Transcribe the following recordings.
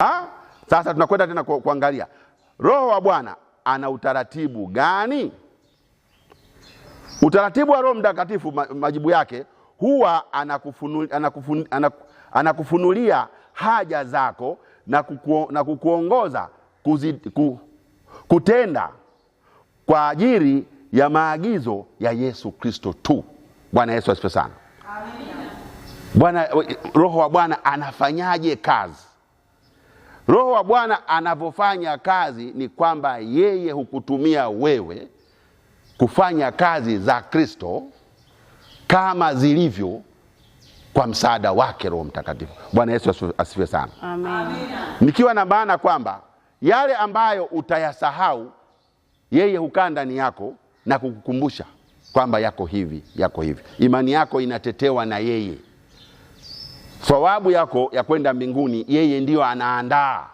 Ha? Ah, sasa tunakwenda tena kuangalia roho wa Bwana ana utaratibu gani? Utaratibu wa Roho Mtakatifu majibu yake huwa anakufunulia, anakufunulia, anakufunulia haja zako na, kuku, na kukuongoza kuzi, ku, kutenda kwa ajili ya maagizo ya Yesu Kristo tu. Bwana Yesu asifiwe sana. Bwana, roho wa Bwana anafanyaje kazi? Roho wa Bwana anavyofanya kazi ni kwamba yeye hukutumia wewe kufanya kazi za Kristo kama zilivyo kwa msaada wake Roho Mtakatifu. Bwana Yesu asifiwe sana. Nikiwa na maana kwamba yale ambayo utayasahau yeye hukaa ndani yako na kukukumbusha kwamba yako hivi, yako hivi. Imani yako inatetewa na yeye thawabu yako ya kwenda mbinguni, yeye ndiyo anaandaa.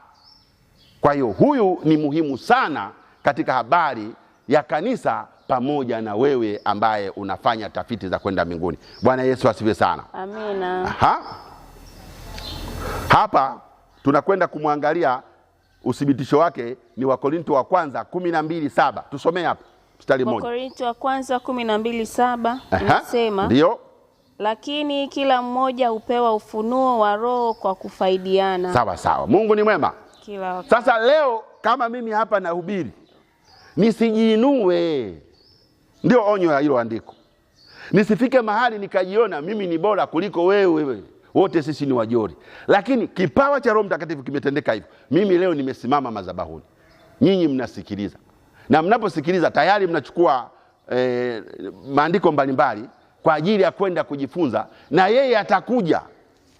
Kwa hiyo huyu ni muhimu sana katika habari ya kanisa pamoja na wewe ambaye unafanya tafiti za kwenda mbinguni. Bwana Yesu asifiwe sana. Amina. Aha. Hapa tunakwenda kumwangalia uthibitisho wake ni Wakorinto wa kwanza kumi na mbili saba. Tusomee hapa mstari mmoja. Wakorinto wa kwanza kumi na mbili saba ndio lakini kila mmoja hupewa ufunuo wa Roho kwa kufaidiana. Sawa sawa, Mungu ni mwema kila wakati. Sasa leo kama mimi hapa nahubiri nisijiinue, ndio onyo ya hilo andiko. Nisifike mahali nikajiona mimi ni bora kuliko wewe, wote sisi ni wajori. Lakini kipawa cha Roho Mtakatifu kimetendeka hivyo. Mimi leo nimesimama madhabahuni, nyinyi mnasikiliza, na mnaposikiliza tayari mnachukua eh, maandiko mbalimbali kwa ajili ya kwenda kujifunza, na yeye atakuja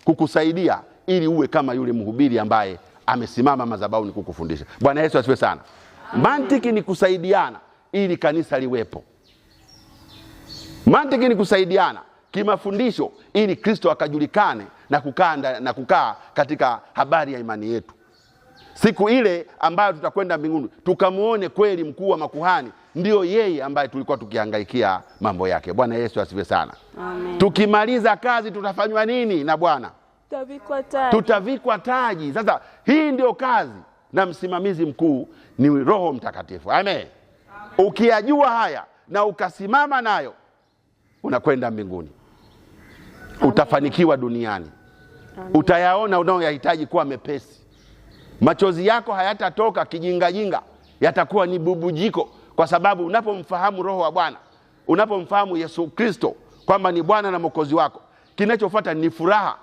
kukusaidia ili uwe kama yule mhubiri ambaye amesimama madhabahuni kukufundisha. Bwana Yesu asifiwe sana. Mantiki ni kusaidiana ili kanisa liwepo. Mantiki ni kusaidiana kimafundisho ili Kristo akajulikane na kukaa na kukaa katika habari ya imani yetu siku ile ambayo tutakwenda mbinguni tukamuone kweli mkuu wa makuhani, ndiyo yeye ambaye tulikuwa tukihangaikia mambo yake. Bwana Yesu asifiwe sana. Amen. Tukimaliza kazi tutafanywa nini na Bwana? Tutavikwa taji. Sasa hii ndio kazi, na msimamizi mkuu ni Roho Mtakatifu. Amen, Amen. Ukiyajua haya na ukasimama nayo unakwenda mbinguni. Amen. Utafanikiwa duniani. Amen. Utayaona unaoyahitaji kuwa mepesi Machozi yako hayatatoka kijingajinga, yatakuwa ni bubujiko, kwa sababu unapomfahamu Roho wa Bwana, unapomfahamu Yesu Kristo kwamba ni Bwana na Mwokozi wako, kinachofuata ni furaha